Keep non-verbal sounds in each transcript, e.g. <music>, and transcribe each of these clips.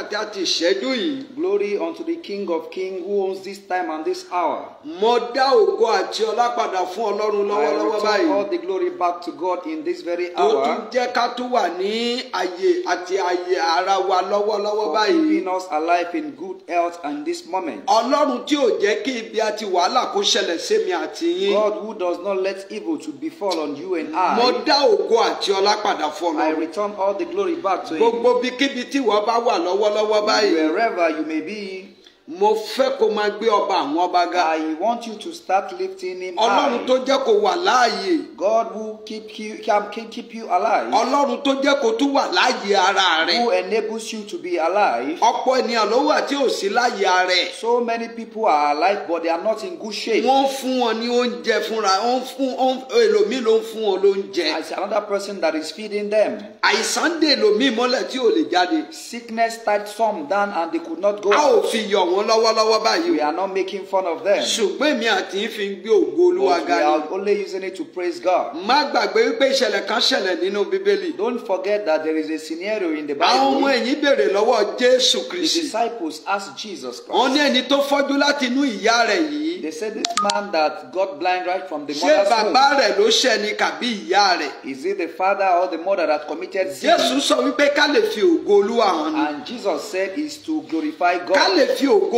wákàtí àti ìṣẹ́jú yìí Glory unto the King of Kings who owns this time and this hour. Mo dá ògo àti ọlá padà fún Ọlọ́run lọ́wọ́lọ́wọ́ báyìí. I return all the glory back to God in this very hour. Ó tún jẹ́ ká tún wà ní àyè àti àyè ara wa lọ́wọ́lọ́wọ́ báyìí. For keeping us alive in good health and this moment. Ọlọ́run tí ò jẹ́ kí ibi àti wàhálà kó ṣẹlẹ̀ sí mi àti yín. God who does not let evil to befall on you and I. Mo dá ògo àti ọlá padà fún Ọlọ́run. I return all the glory back to him. Gbogbo bíkíbi tí wọ́n bá wà lọ́wọ́lọ́wọ́ báyìí. Wherever you may be mo fẹ́ kó máa gbé ọba àwọn ọba ga. I want you to start lifting him high. Ọlọ́run tó jẹ́ kó wà láàyè. God who keep you can keep, you alive. Ọlọ́run tó jẹ́ kó tún wà láàyè ara rẹ̀. Who enables you to be alive. Ọ̀pọ̀ ènìyàn ló wà tí ò sí láàyè ara So many people are alive but they are not in good shape. Wọ́n fún wọn ní oúnjẹ fúnra wọ́n fún èlòmíì ló ń fún wọn lóúnjẹ. I see another person that is feeding them. Àìsàn dè èlòmíì mọ́lẹ̀ tí ò lè jáde. Sickness tied some down and they could not go. A ò fi yọ̀ wọ́n wọn lọ́wọ́lọ́wọ́ báyìí. we are not making fun of them. ṣùgbọ́n èmi àti yín fi ń gbé ògo olúwa ga ni. but we are only using it to praise God. má gbàgbé wípé ìṣẹ̀lẹ̀ kan ṣẹlẹ̀ nínú bíbélì. don't forget that there is a scenario in the Bible. àwọn ọmọ ẹ̀yìn béèrè lọ́wọ́ jésù kristi. the disciples asked Jesus Christ. wọ́n ní ẹni tó fọ́jú láti inú ìyá rẹ̀ yìí. they said this man that got blind right from the mother's womb. ṣé bàbá rẹ̀ ló ṣẹ̀ ni kàbí ìyá rẹ̀. is it the father or the mother that committed sin. jésù sọ wípé ká lè fi ògo olúwa hàn ni. and Jesus said is to glorify God. ká lè fi ògo to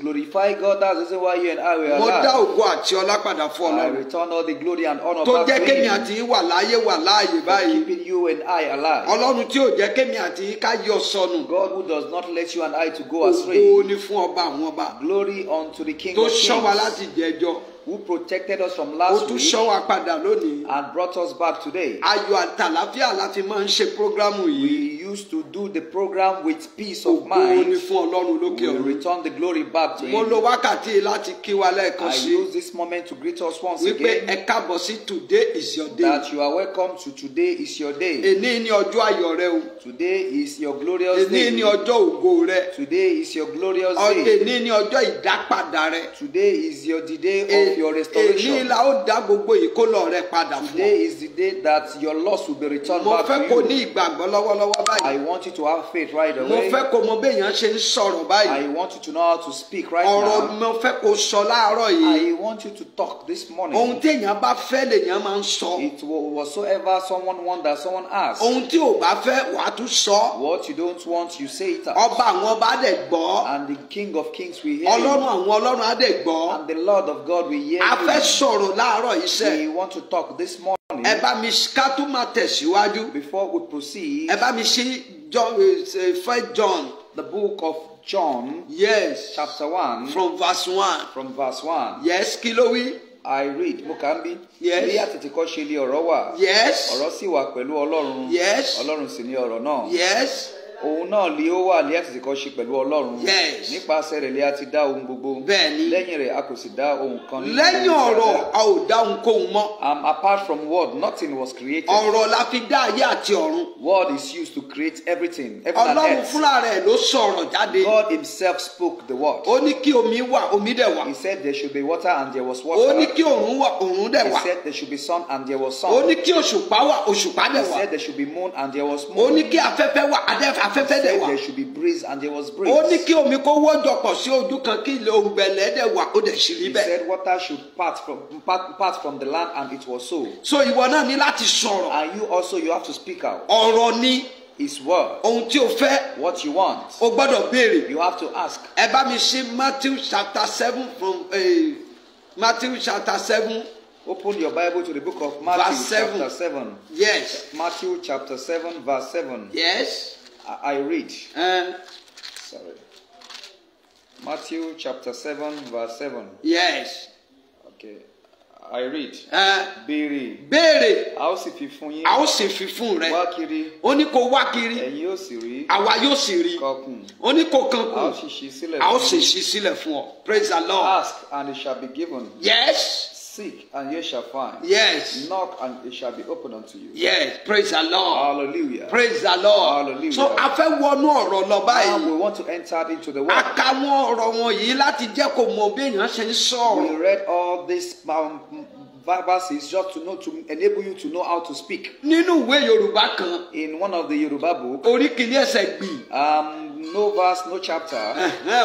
glorify God that's the reason why you and I were alive. I return all the glory and honour to him. tó wà wà keeping you and I alive. God who does not let you and I to go astray. glory unto the king of kings. who protected us from last week. and brought us back today. we used to do the program with peace of mind. ògo return the glory back to him. I use this moment to greet us once again. today is your day. that you are welcome to today is your day. today is your glorious day. today is your glorious day. today is your the day of your restoration. today is the day that your loss will be returned back to you báyìí. I want you to have faith right away. mo fẹ́ kó mọ béèyàn ṣe ń sọ̀rọ̀ báyìí. I want you to know how to speak right Or now. ọ̀rọ̀ mo fẹ́ kó sọ láàárọ̀ yìí. I want you to talk this morning. ohun téèyàn bá fẹ́ lèèyàn máa ń sọ. it whatsoever someone want someone ask. ohun tí ò bá fẹ́ wàá tún sọ. what you don't want you say it out. ọba àwọn ọba dẹ̀ gbọ́. and the king of kings will hear you. ọlọ́run àwọn ọlọ́run á dẹ̀ gbọ́. and the lord of God will hear you. a fẹ́ sọ̀rọ̀ láàárọ̀ iṣẹ́. we want to talk this morning ẹ bá mi ká tún máa tẹ̀síwájú. before we proceed. ẹ bá mi ṣí John eh, eh, first John. the book of John. yes chapter one. from verse one. from verse one. yes kí ló wí. I read mo kà ń bí. yes bí àtètèkọ́ ṣe lè ọ̀rọ̀ wà. yes ọ̀rọ̀ sì wà pẹ̀lú Ọlọ́run. yes Ọlọ́run sì ni ọ̀rọ̀ náà. yes òun náà ni ó wà ní àtìsí kan ṣe pẹ̀lú ọlọ́run nípasẹ̀ rẹ̀ ni a ti dá ohun gbogbo lẹ́yìn rẹ̀ a kò sì dá ohun kan nínú lẹ́yìn ọ̀rọ̀ a ò dá ohunkóhun mọ́. and um, apart from word nothing was created. ọ̀rọ̀ la fi dá ayé àti ọ̀run. word is used to create everything. ọlọ́run fúnra rẹ̀ ló sọ̀rọ̀ jáde. God himself spoke the word. ó ní kí omi wà omi dẹ̀ wà. he said there should be water and there was water. ó ní kí òrùn wà òrùn dẹ̀ wà. he said there should be sun and there was sun. ó ní kí òṣùpá wà òṣùpá dẹ̀ wà. he said there should be moon and there was moon. ó ní kí afẹ́fẹ́ wà adẹ́fẹ́ afẹ́fẹ́ dẹ̀ wà. there should be breeze and there was breeze. ó ní kí omi kó wọ́jọpọ̀ sí ojú kan kí ilẹ̀ dẹ̀ wà ó dẹ̀ sì rí bẹ́ẹ̀. he said water should part from part, part from the land and it was so. so ìwọ náà ní láti sọ̀rọ̀. and you also you have to speak out. ọ̀rọ̀ ni his word. ohun tí o fẹ́. what you want. o gbọ́dọ̀ béèrè. you have to ask. ẹ bá mi ṣe Matthew chapter seven from uh, Matthew chapter seven. Open your Bible to the book of Matthew, chapter seven. Yes. Matthew, chapter seven verse seven. Yes. I, read. Uh, Sorry. Matthew chapter 7, verse 7. Yes. Okay. I read. Béèrè. Béèrè. A ó sì fi fún yín. A ó sì fi fún rẹ. Wá kiri. Ó ní kó wá kiri. Ẹ̀yin yóò sì rí. Àwa yóò sì rí. Kọkùn. Ó ní kó kankùn. A ó sì ṣí sílẹ̀ fún ọ. A ó sì ṣí sílẹ̀ fún ọ. Praise the Lord. Ask and it shall be given. Yes. Seek and ye shall find. Yes. Knock and it shall be opened unto you. Yes. Praise the Lord. Hallelujah. Praise the Lord. Hallelujah. So a fẹ́ wọnú ọ̀rọ̀ lọ báyìí. Now we want to enter into the word. A ọ̀rọ̀ wọn láti jẹ́ kó mọ bí èèyàn ṣe ń sọ̀rọ̀. We read all this um, verses just to know to enable you to know how to speak. Nínú ìwé Yorùbá kan. In one of the Yorùbá books. Orí kìíní ẹsẹ̀ gbì. Um, no verse, no chapter.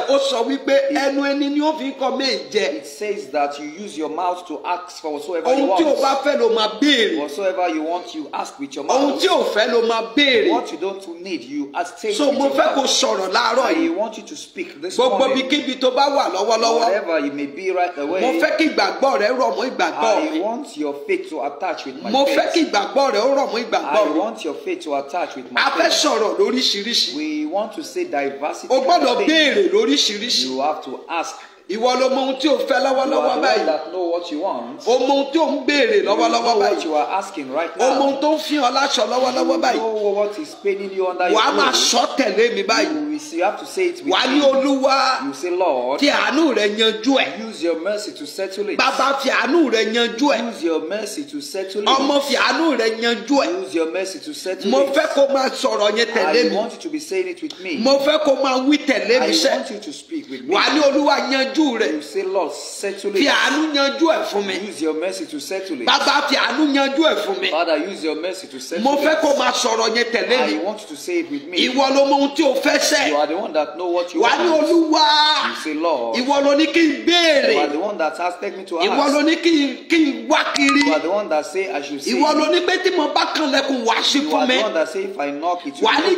Ó sọ wípé ẹnu ẹni ni ó fi kọ́ méje. It says that you use your mouth to ask for whatsoever you want. Ohun tí o bá fẹ́ ló máa béèrè. Whatsoever you want you ask with your mouth. Ohun tí o fẹ́ ló máa béèrè. What you don't need you ask. so with your mouth. So mo fẹ́ kó sọ̀rọ̀ láàárọ̀ yìí. I want you to speak this Bo morning. Gbogbo ibikíbi tó bá wà lọ́wọ́lọ́wọ́. Wherever you may be right away. Mo fẹ́ kí ìgbàgbọ́ rẹ rọ̀ mọ́ ìgbàgbọ́ mi. I want your faith to attach with my faith. Mo fẹ́ kí ìgbàgbọ́ rẹ rọ̀ mọ́ ìgbàgbọ́ mi. I want your faith to attach with my faith. A fẹ́ sọ̀rọ̀ lóríṣiríṣi. We want to say that diversity. o gbọ́dọ̀ béèrè lóríṣiríṣi. you have to ask ìwọ ló mọ ohun tí o fẹ́ lọ́wọ́lọ́wọ́ báyìí. you are the one that know what you want. o mọ ohun tí o ń béèrè lọ́wọ́lọ́wọ́ báyìí. you are asking right now. o mọ ohun tó ń fi hàn láṣọ báyìí. you know what is paining you under your clothes. máa sọ tẹ̀lé mi báyìí. you have to say it ní olúwa. you say lord. àánú rẹ yanjú ẹ. use your mercy to settle it. bàbá fi àánú rẹ yanjú ẹ. use your mercy to settle it. ọmọ fi àánú rẹ yanjú ẹ. use your mercy to settle it. mo fẹ́ kó máa sọ̀rọ̀ yẹn tẹ̀lé mi. I want you to be saying it with me. mo fẹ́ kó máa wí tẹ̀lé mi sẹ́. I want you to speak with me. ní olúwa yanjú yanjú rẹ̀. you say Lord settle it. fi àánú yanjú ẹ̀ fún mi. use your mercy to settle it. bàbá fi àánú yanjú ẹ̀ fún mi. father use your mercy to settle it. mo fẹ́ kó máa sọ̀rọ̀ yẹn tẹ̀lé mi. I want you to say it with me. ìwọ ló mọ ohun tí o fẹ́ ṣe. you are the one that know what you want. wà á ní olúwa. you say Lord. ìwọ ló ní kí n béèrè. you are the one that has take me to ask. ìwọ ló ní kí n kí n wá kiri. you are the one that say I should see. ìwọ ló ní pé tí mo bá kanlẹ̀kùn wá sí fún mi. you are the one that say if I knock it you will open. wà á ní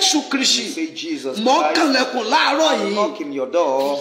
Jésù Kristi. you say Jesus Christ. mo your door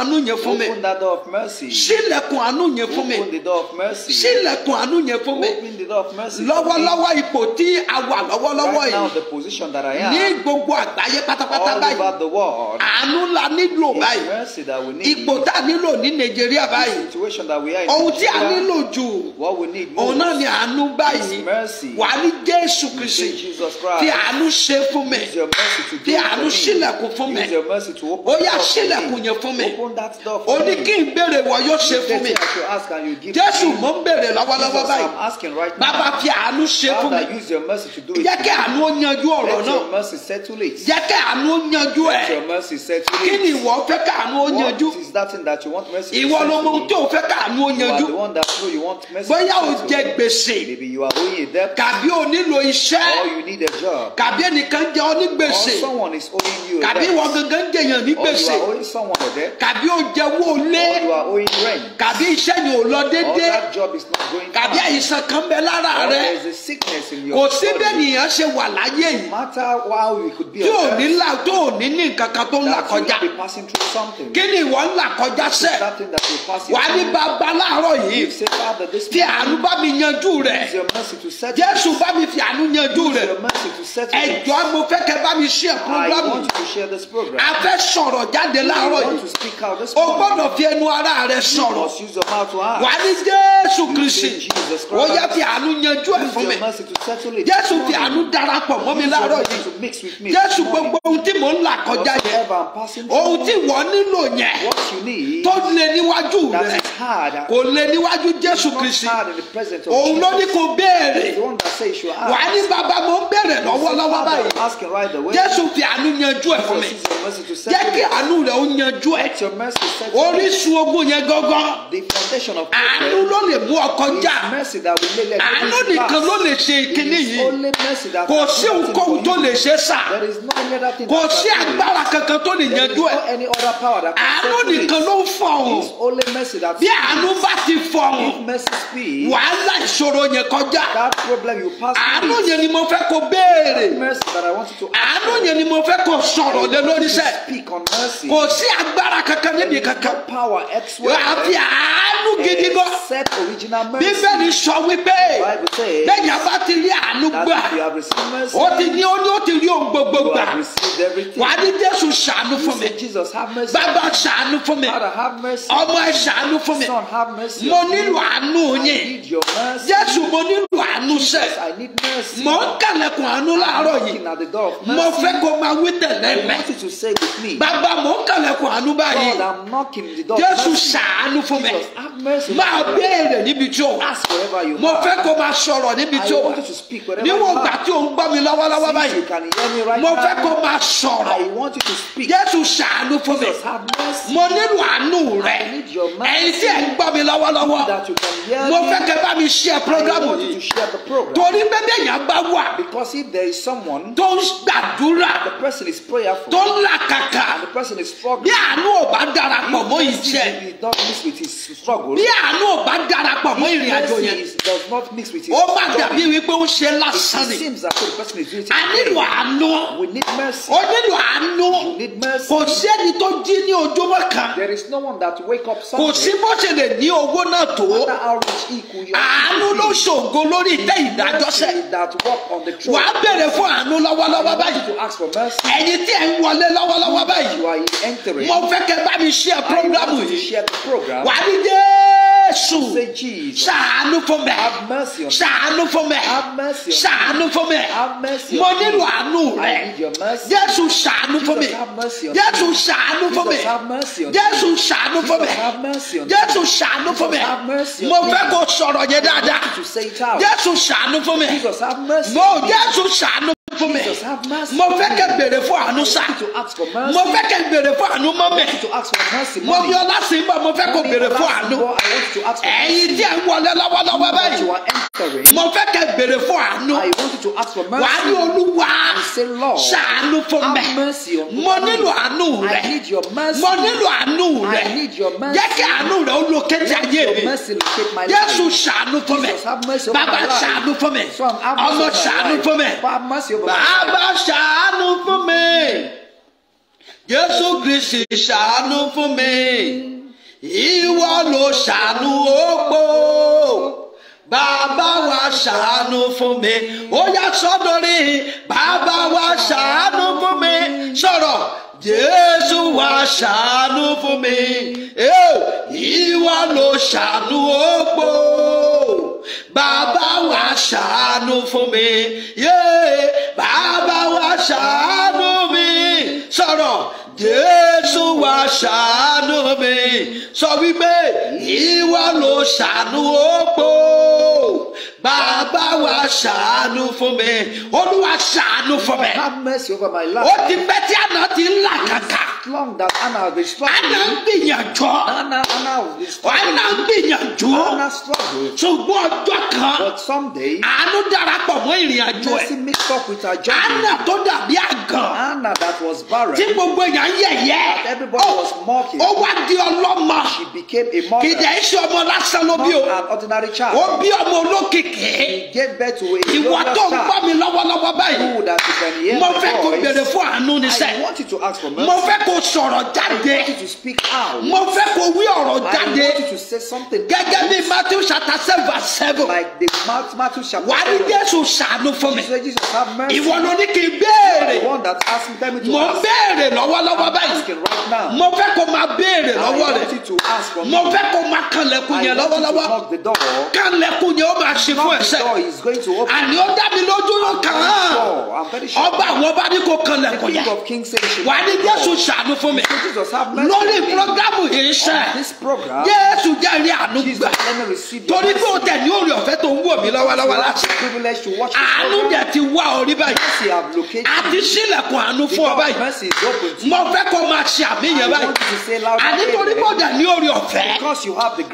àánú yẹn fún mi. open the door of mercy. ṣílẹ̀kùn àánú yẹn fún mi. open the door of mercy. ṣílẹ̀kùn àánú yẹn fún mi. open the door of mercy. lọ́wọ́lọ́wọ́ ipò tí a wà lọ́wọ́lọ́wọ́ yìí. right now the position that I am. ní gbogbo àgbáyé pátápátá báyìí. all over the world. àánú la nílò báyìí. it's mercy that we need. ipò tá a nílò ní Nàìjíríà báyìí. the situation that we are in. ohun tí a nílò jù. what we need most. òun náà ni àánú báyìí. it's mercy. wà á ní Jésù Kristi. fi àánú ṣe use your mercy to for me. fi àánú ṣílẹ̀kùn fún mi. open for me. open open that door for me. o ní kí n béèrè wọ yóò ṣe fún mi. jésù mò ń béèrè lọ́wọ́lọ́wọ́ báyìí. bàbá fi àánú ṣe fún mi. jẹ́ kí àánú ó yanjú ọ̀rọ̀ náà. jẹ́ kí àánú ó yanjú ẹ̀. kí ni ìwọ fẹ́ káàánú ó yanjú. ìwọ ló mọ ohun tí o fẹ́ káàánú ó yanjú. bóyá o jẹ gbèsè. kàbí o nílò iṣẹ́. kàbí ẹnìkan jẹ ọ ní gbèsè. kàbí ìwọ gangan jẹyàn ní gbèsè. kàbí tàbí oúnjẹ wo lé tàbí iṣẹ́ ni ò lọ déédéé tàbí àìsàn kan bẹ lára rẹ kò sí bẹ́ẹ̀ nìyẹn ṣe wà láyé yìí tí ò ní là tó ò ní ní nǹkan kan tó ń là kọjá kí ni ìwọ ń là kọjá sẹ́ wà ní bàbá láàárọ̀ yìí tí àánú bá mi yanjú rẹ̀ Jésù bá mi fi àánú yanjú rẹ̀ ẹ̀jọ̀ mo fẹ́ kẹ́ bá mi ṣe ẹ̀ púrógírámù a fẹ́ sọ̀rọ̀ jáde láàárọ̀ yìí o gbọ́dọ̀ fi ẹnu ara rẹ sọ̀rọ̀ wà ní jésù kristi ó yá fi àánú yanjú ẹ̀ fún mi jésù fi àánú darapọ̀ mọ́ mi láàárọ̀ yìí jésù gbogbo ohun tí mò ń là kọjá yẹn ohun tí wọ́n nílò yẹn tó lé níwájú rẹ kò lé níwájú jésù kristi òun ló ní kó béèrè wà ní bàbá mo ń béèrè lọ́wọ́lọ́wọ́ báyìí jésù fi àánú yanjú ẹ̀ fún mi jẹ́ kí àánú rẹ̀ ó yanjú ẹ̀ your mercy set you orísun ogun yẹn gángan. the foundation of àánú ló lè mú ọkọ jà. mercy that will make everything àánú nìkan ló lè ṣe ìkíní yìí. only mercy that will make kò sí ohunkóhun tó lè ṣe sà. there is no other thing. kò sí agbára kankan tó lè yanjú ẹ. there is no other power that can save you. àánú nìkan ló ń fọhùn. it is only mercy that bí àánú bá ti fọhùn. if mercy speaks. wàhálà ìṣòro yẹn kọjá. that problem you pass through. àánú yẹn ni mo fẹ́ kó béèrè. mercy that I want to àánú yẹn ni mo fẹ́ kó sọ̀rọ̀ lé lórí sẹ́. kò sí agbára kankan kankan ne deɛ kankan. power x y afi àánú gidi gan. except original mercy. bíbélì sọ wípé bẹ́ẹ̀ni a bá ti rí àánú gbà ó ti ní ó ní ó ti rí ohun gbogbo gbà wàá ní Jésù ṣàánú fún mi bàbá ṣàánú fún mi ọmọ ẹ ṣàánú fún mi mo nílò àánú yín Jésù mo nílò àánú sẹ mo ń kàlẹ̀kùn àánú láàárọ̀ yìí mo fẹ́ kó máa wí tẹ̀lé mẹ́ bàbá mo ń kàlẹ̀kùn àánú báyìí jésù ṣàánú fún mi máa béèrè níbi tí o wà mo fẹ́ kó máa sọ̀rọ̀ níbi tí o wà níwọ̀n ìgbà tí o ń gbọ́ mi lọ́wọ́lọ́wọ́ báyìí mo fẹ́ kó máa sọ̀rọ̀ jésù ṣàánú fún mi mo nílò àánú rẹ ẹ̀yin tí ẹ̀ ń gbọ́ mi lọ́wọ́lọ́wọ́ mo fẹ́ kẹ́ bá mi ṣe programu yìí torí bẹ́ẹ̀ yẹn bá wà tó ń gbàdúrà tó ń làkàkà bí àánú ò bá bá darapọ̀ mọ́ iṣẹ́ bí àánú ò bá darapọ̀ mọ́ ìrìn àjò yẹn ó má dàbí wípé ó ṣe lásán ni a nílò àánú ó nílò àánú kò sẹ́ni tó jí ní ojúmọ́ kan kò sí bó ṣe lè ní owó náà tó àánú ló ṣògo lórí ilé ìdájọ́sẹ̀ wàá bèrè fún àánú lọ́wọ́lọ́wọ́ báyìí ẹ̀yin tí ẹ̀ ń wọlé lọ́wọ́lọ́wọ́ báyìí mo fẹ́ kẹ́ bá bá mi share program yìí wà á ní Jésù ṣàánú fún mi ṣàánú fún mi ṣàánú fún mi mo nílò àánú rẹ Jésù ṣàánú fún mi Jésù ṣàánú fún mi Jésù ṣàánú fún mi Jésù ṣàánú fún mi mo fẹ́ kó sọ̀rọ̀ yẹn dáadáa Jésù ṣàánú fún mi mo Jésù ṣàánú to me mo fẹ́ kẹ́ béèrè fún àánú sá mo fẹ́ kẹ́ béèrè fún àánú mọ́ mi mo yọ láti bọ̀ mo fẹ́ kó béèrè fún àánú ẹ̀yin tí ẹ̀ ń wọlé lọ́wọ́lọ́wọ́ báyìí mo fẹ́ kẹ́ béèrè fún àánú wàá ní olúwa ṣàánú fún mi mo nílò àánú rẹ mo nílò àánú rẹ jẹ́ kí àánú rẹ ó lo kẹ́tì ayé mi Jésù ṣàánú fún mi bàbá ṣàánú fún mi ọmọ ṣàánú fún mi bàbá ṣàánú fún mi jésù kristi ṣàánú fún mi ìwọ ló ṣàánú òpó bàbá wa ṣàánú fún mi ó yá sọdọrí bàbá wa ṣàánú fún mi sọ̀rọ̀ jésù wa ṣàánú fún mi ìwọ ló ṣàánú òpó bàbá wa ṣàánú fún mi Yeah ṣàánú mi sọ̀rọ̀ jésù wá ṣàánú mi sọ wípé ìwọ ló ṣàánú òpó bàbá wa ṣàánú fún mi olúwa ṣàánú fún mi ó ti pẹ́ tí àná ti ń là kàkà as long that Anna has been struggling. Anna ń gbìyànjọ́. Anna Anna has been struggling. Anna ń gbìyànjọ́. Anna struggled. ṣùgbọ́n ọjọ́ kan. but someday. I darapọ̀ mọ́ ìrìn àjò ẹ̀. mercy mixed up with her journey. Anna tó dàbí àgàn. Anna that was barren. tí gbogbo èèyàn ń yẹ̀yẹ́. that everybody oh, was mocking. Oh, what do you love ọlọ́mọ. she became a mother. kìdẹ̀ iṣẹ́ ọmọ lásán ló bí o. not an ordinary child. Oh, be a mother, olókìkí. he gave birth to a glorious child. ìwọ tó ń gbọ́ mi lọ́wọ́lọ́wọ́ báyìí. who would have been here before. mo fẹ́ kó béèrè fún àánú níṣẹ́. I want you to ask for mercy. mo fẹ́ k kó sọ̀rọ̀ jáde. mo fẹ́ kó wí ọ̀rọ̀ jáde. gẹ́gẹ́ bí matthew chapter seven verse seven. wàá rí jésù ṣàánú fún mi. ìwọ ló ní kí n béèrè. mo béèrè lọ́wọ́lọ́wọ́ báyìí. mo fẹ́ kó máa béèrè lọ́wọ́ rẹ̀. mo fẹ́ kó máa kànlẹ̀kùn yẹn lọ́wọ́lọ́wọ́. kànlẹ̀kùn yẹn ó máa ṣe fún ẹ̀ṣẹ̀. àní ó dá mi lójú ọba àwọn ọba ní kò kanlẹ̀ kò yá wà á ní jésù ṣàánú fún mi lórí programu yìí ṣe jésù jẹ́ rí àánú gbà torí pé o tẹ̀ ní òrì ọ̀fẹ́ tó ń wò mí lọ́wọ́lọ́wọ́ láti àánú dẹ̀ ti wá orí báyìí àti sílẹ̀kùn àánú fún ọ báyìí mo fẹ́ kó máa ṣe àmì yẹn báyìí àní torí pé o tẹ̀ ní òrì ọ̀fẹ́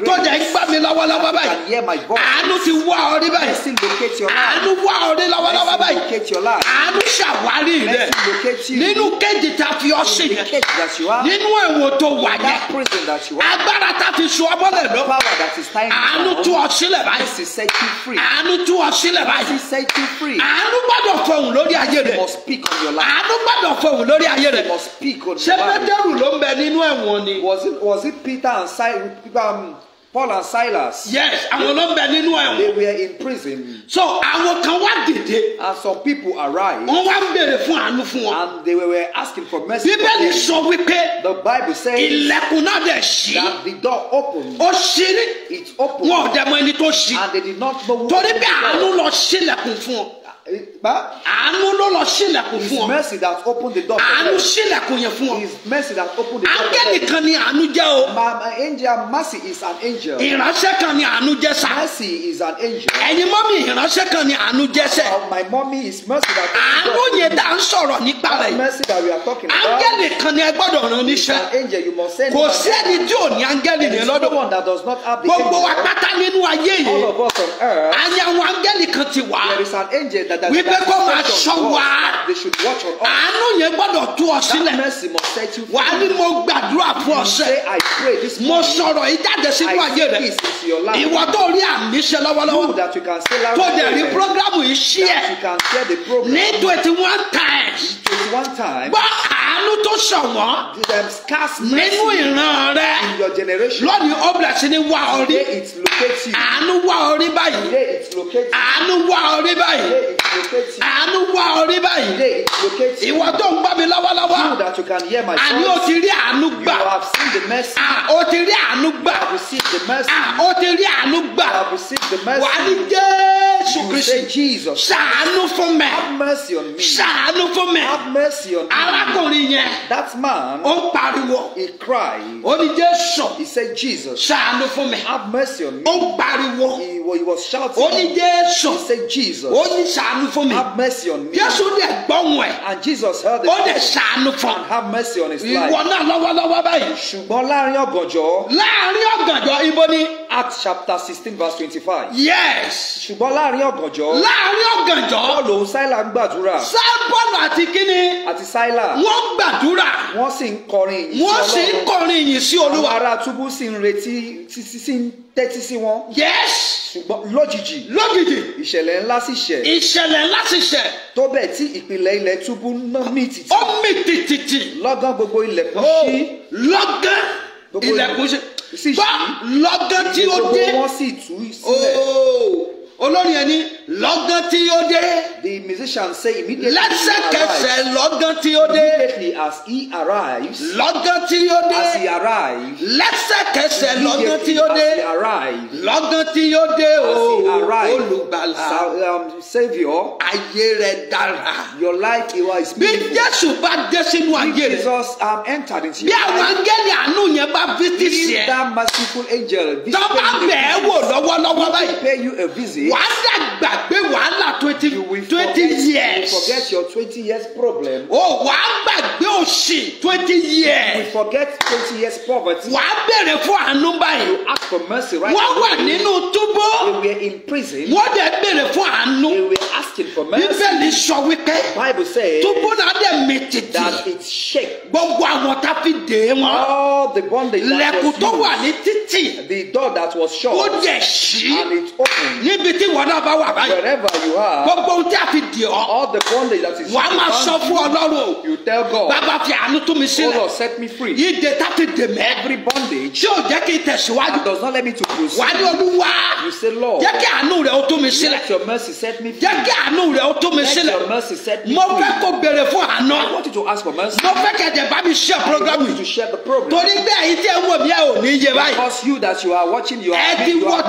tó dẹ̀ ń gbà mí lọ́wọ́lọ́wọ́ báyìí àánú ti wá orí báyìí àánú wá orí lọ́wọ́lọ́wọ́ báyìí àánú ṣàwárí rẹ nínú kéde tá a fi ọ sí nínú èwo tó wà yẹ agbára tá a fi sọ ọbọlẹ lọ àánú tú ọ sílẹ̀ báyìí àánú tú ọ sílẹ̀ báyìí àánú gbọ́dọ̀ fọhùn lórí ayé rẹ àánú gbọ́dọ̀ fọhùn lórí ayé rẹ ṣé pétérù ló ń bẹ nínú ẹ̀wọ̀n ni. was it was it Peter and Simon. Um, Paul and Silas. Yes, àwọn ló ń bẹ nínú ẹ̀wọ̀n. They were in prison. So I will come what wá dìde. And some people arrived. Wọ́n wá ń béèrè fún àánú fún wọn. And they were asking for mercy. Bíbélì sọ wípé. The Bible says. That the door opened. Ó ṣí It opened. Wọn ò dẹ̀ mọ ẹni tó And they did not know who opened the door. Torí bí àánú lọ ṣílẹ̀kùn fún ọ àánú ló lọ ṣílẹ̀kùn fún ọ. his mercy that opened the door. àánú ṣílẹ̀kùn yẹn fún ọ. his mercy that opened the door. angẹ́lì kan ni àánú jẹ́ o. my my angel mercy is an angel. ìránṣẹ́ kan ni àánú jẹ́ sá. mercy is an angel. ẹ̀yin mọ́mí ìránṣẹ́ kan ni àánú jẹ́ sẹ́. my mommy is mercy that. àánú yẹn dá ń sọ̀rọ̀ nípa rẹ̀. mercy that we are talking about. angẹ́lì kan ni ẹ gbọ́dọ̀ rán níṣẹ́. an angel you must send. kò sí ẹni tí ò ní angẹ́lì yẹn lọ́dọ̀. that does not have gbogbo wa pátá nínú ayé yìí. all of us on earth. àyàwó angẹ́lì kan ti wà. there is an angel that wípé pé kó máa ṣọ́ wa àánú yẹn gbọ́dọ̀ tú ọ sílẹ̀ wà á ní mo gbàdúrà fún ọ̀sẹ̀ mo sọ̀rọ̀ yìí jáde sínú ayé rẹ̀ ìwọ tó rí àmì ṣe lọ́wọ́lọ́wọ́ tó dẹ̀ rí programu yìí ṣí ẹ̀ ní twenty one times gbọ́ àánú tó ṣọ̀wọ́n nínú ìran rẹ lónìí ó bẹ̀rẹ̀ sí ní wá orí àánú wá orí báyìí àánú wá orí báyìí àánú wá orí báyìí ìwọ tó ń gbọ́ mi lọ́wọ́lọ́wọ́ àní o ti rí àánú gbà o ti rí àánú gbà o ti rí àánú gbà wà á ní Jésù Kristi ṣàánú fún mi ṣàánú fún mi arákùnrin yẹn ó ń pariwo ó ní Jésù ṣàánú fún mi ó ń pariwo was, he was shouting. ó ní he said Jesus. ó ní ṣàánú fún have mercy on me. Jésù dẹ̀ gbọ́hùn ẹ̀. and Jesus heard it. ó dẹ̀ ṣàánú fún. have mercy on his life. ìwọ náà lọ́wọ́lọ́wọ́ báyìí. ṣùgbọ́n láàrin ọ̀gànjọ́. láàrin ọ̀gànjọ́ ibo ni. Acts chapter sixteen verse twenty-five. Yes. Ṣùgbọ́n láàrin ọ̀gànjọ́. Láàrin ọ̀gànjọ́. Paul òun Sáìlà ń gbàdúrà. Sábọ̀lù àti kíni. Àti Sáìlà. Wọ́n gbàdúrà. Wọ́n sì ń kọrin ìyìn sí Ọlọ́run. Wọ́n sì ń kọrin ìyìn sí Olúwa. Àwọn ará túbú sì ń retí sí ń tẹ́tí sí wọn. Yes. Ṣùgbọ́n lójijì. Lójijì. Ìṣẹ̀lẹ̀ ńlá sì ṣẹ̀. Ìṣẹ̀lẹ̀ ńlá sì ṣẹ̀. Tó bẹ́ẹ̀ tí ìpìlẹ̀ ilẹ̀ túbú náà mì tìtì. Ó mì tìtì. Lọ́gán gbogbo ilẹ̀kùn oh, ṣí. Lọ́gán ilẹ̀kùn ṣe gbọ́ lọ́gán tí ó dé olórí ẹni lọ́gán tí ó dé. the musician say immediately he arrived. lẹ́sẹ̀kẹsẹ̀ lọ́gán tí ó dé. immediately as he arrives. lọ́gán tí ó dé. as he arrives. lẹ́sẹ̀kẹsẹ̀ lọ́gán tí ó dé. as he arrives. lọ́gán tí ó dé o. as he arrives. olùgbàlà. Um, saviour. ayé rẹ dára. your life you are is meaningful. bí Jésù bá dé sínú ayé rẹ. if Jesus am um, entered into your life. bí àwọn angẹ́lì àánú yẹn bá visit yẹn. if that merciful angel visit you. tọ́ bá bẹ̀ẹ́ wò lọ́wọ́lọ́wọ́ báyìí. he pay you a visit. wàá dàgbà gbàgbé wàhálà twenty twenty years. forget your twenty years problem. o wà á gbàgbé òṣì twenty years. you forget twenty years poverty. wà á bẹ̀rẹ̀ fún àánú báyìí. you ask for mercy right now. wọ́n wà nínú túbú. they were in prison. wọ́n dẹ̀ bẹ̀rẹ̀ fún àánú. they were asking for mercy. bíbélì sọ wípé. bible says. túbú náà dẹ̀ mìtìtì. that it shake. gbogbo àwọn tá fi dè é wọn. all the bondage that was used. lẹ̀kùn tó wà ní títì. the door that was shut. ó dẹ̀ ṣí. and it opened. níbi tí wọn náà bá wà báyìí wherever you are. gbogbo ohun tí a fi dì ọ́. all the bondage that is. wà á máa sọ fún ọlọ́run. you tell God. bàbá fi àánú tú mi oh sílẹ̀. o Lord set me free. yìí de tá ti dè mẹ́. every bondage. ṣé o jẹ́ kí n tẹ̀síwájú. that does not let me to proceed. wà á ní olúwa. you say Lord. jẹ́ kí àánú rẹ̀ ó tú mi sílẹ̀. let your mercy set me free. jẹ́ kí àánú rẹ̀ ó tú mi sílẹ̀. let your mercy set me free. mo fẹ́ kó béèrè fún àánú. I want you to ask for mercy. mo fẹ́ kẹ̀dẹ̀ bá mi share program yìí. I want you to share the program. torí pé àyè tí ẹ wò mí ẹ ò ní yé because you that you are watching you are. ẹ more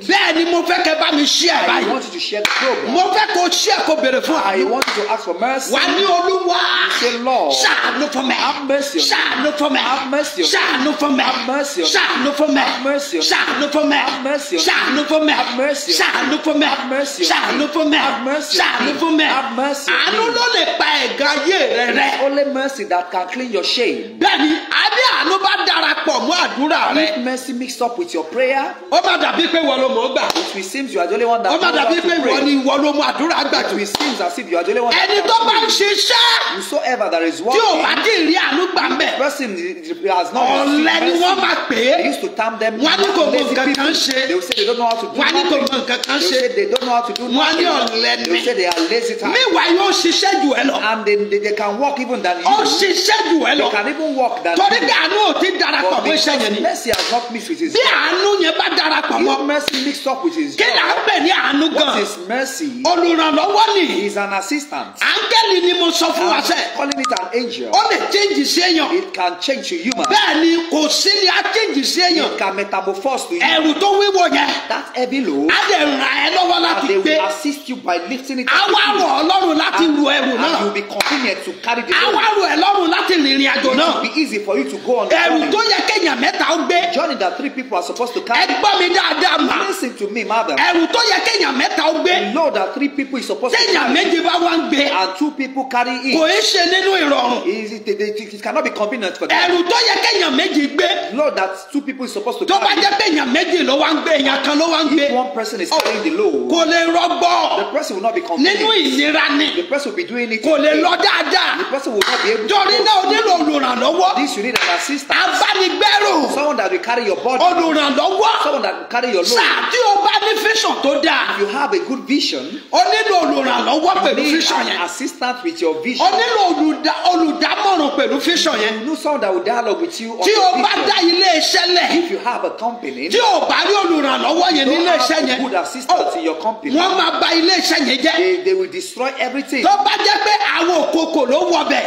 than three ni mo fẹ́ kẹ́ bá mi share báyìí. I want you to share the program. mo fẹ́ kó share kó béèrè fún àánú. I want you to ask for mercy. wà á ní olúwa. say Lord. ṣàánú fún mi. mercy on me. ṣàánú fún mi. mercy on me. ṣàánú fún mi. mercy on me. ṣàánú fún mi. mercy on me. ṣàánú fún mi. mercy on me. ṣàánú fún mi. mercy on me. ṣàánú fún mi. mercy on ṣàánú fún mi. mercy on me. ṣàánú fún mi. have mercy on me. àánú ló lè pa ẹ̀gàn ayé rẹ rẹ. only mercy that can clean your shame. bẹ́ẹ̀ni adé àánú bá darapọ̀ mọ́ àdúrà rẹ. if mercy mix up with your prayer. ó má dàbí pé wọ́n ló mọ̀ ó gbà gbà. it will seem you are the only one that. ọmọ dàbí pé ìwọ ni ìwọ ló mú àdúrà gbà it will seem as if you are the only one. ẹni tó bá ń ṣiṣẹ́. ever there is one tí o bá ti rí àánú gbà ń bẹ̀. person has not received mercy. ọ̀lẹ ni wọ́n máa pè é. they used to term them. wọ́n ní kò mọ nǹkan kan ṣe. they will say they don't know how to do nothing. wọ́n ní kò mọ nǹkan kan ṣe. they will say they don't know how to do nothing. wọ́n ní ọ̀lẹ ni. they will say they are lazy time. meanwhile yóò ṣiṣẹ́ jù ẹ lọ. and they, they, they can work even than you. ó ṣiṣẹ́ jù ẹ lọ. they can even work than you. torí bí àánú ò ti darapọ̀ mọ́ iṣẹ́ yẹn ni. but because mercy has not mixed with his. bí àánú yẹn bá darapọ̀ mọ́. if mercy mixed shop with his job. kí ń pè ní àánú gan. what is mercy. olùrànlọ́wọ́ ni. he is an assistant. áńgẹ́lì ni mo sọ fún wa sẹ́. I'm calling it an angel. ó lè change sí èèyàn. it can change to human. bẹ́ẹ̀ ni kò sí ni á change sí èèyàn. it can metamorphose to you. ẹ̀rù tó wíwo yẹn. that heavy load. a lè ràn ẹ́ lọ́wọ́ láti gbé. and they will assist you by lifting it. àwa rọ̀ ọ́ lọ́rùn láti ru ẹrù náà. and you will be convenient to carry the load. àwa rọ̀ ẹ́ láti rìnrìn àjò náà. it will be easy for you to go on the journey. ẹrù tó yẹ kéèyàn mẹ́ta ó gbé. the journey that three people are supposed to carry. ẹ mi dáadáa mà. listen to me madam. ẹrù tó yẹ kéèyàn mẹ́ta ó gbé. the load that three people is supposed to carry. téèyàn méje bá wá ń gbé. and two people carry it. kò í ṣe nínú ìrọ̀rùn. it it it cannot be convenient for them. ẹrù tó yẹ kéèyàn méje gbé. know that two people is supposed to carry. tó bá jẹ́ pé èèyàn méje ló wá ń gbé èèyàn kan ló wá ń gbé. if one person is carrying the load. kò lè rọgbọ. the person will not be convenient. nínú ìlera ni. the person will be doing it. kò lè lọ dáadáa. the person will not be able to. torí náà o nílò olùrànlọ́wọ́. this you need an assistant. abánigbẹ́rù. someone that will carry your body. olùrànlọ́wọ́. someone that will carry your load. ṣáà tí o o bá ní vision tó dáa. if you have a good vision. o nílò olùrànlọ́wọ́ pẹ̀lú vision yẹn. you need an assistant with your vision. o nílò olùdá olùdámọ̀ràn pẹ̀lú vision yẹn. you know someone that will dialogue with you on tí o bá dá ilé iṣẹ́ lẹ̀. if you have a company. tí o bá rí olùrànlọ́wọ́ yẹn ní iṣẹ́ yẹn. you don't have a good assistant oh, in your company. wọ́n máa bà ilé iṣẹ́ yẹn jẹ́. they they will destroy everything. tó bá jẹ́ pé àwọn òkòkò ló wọ bẹ̀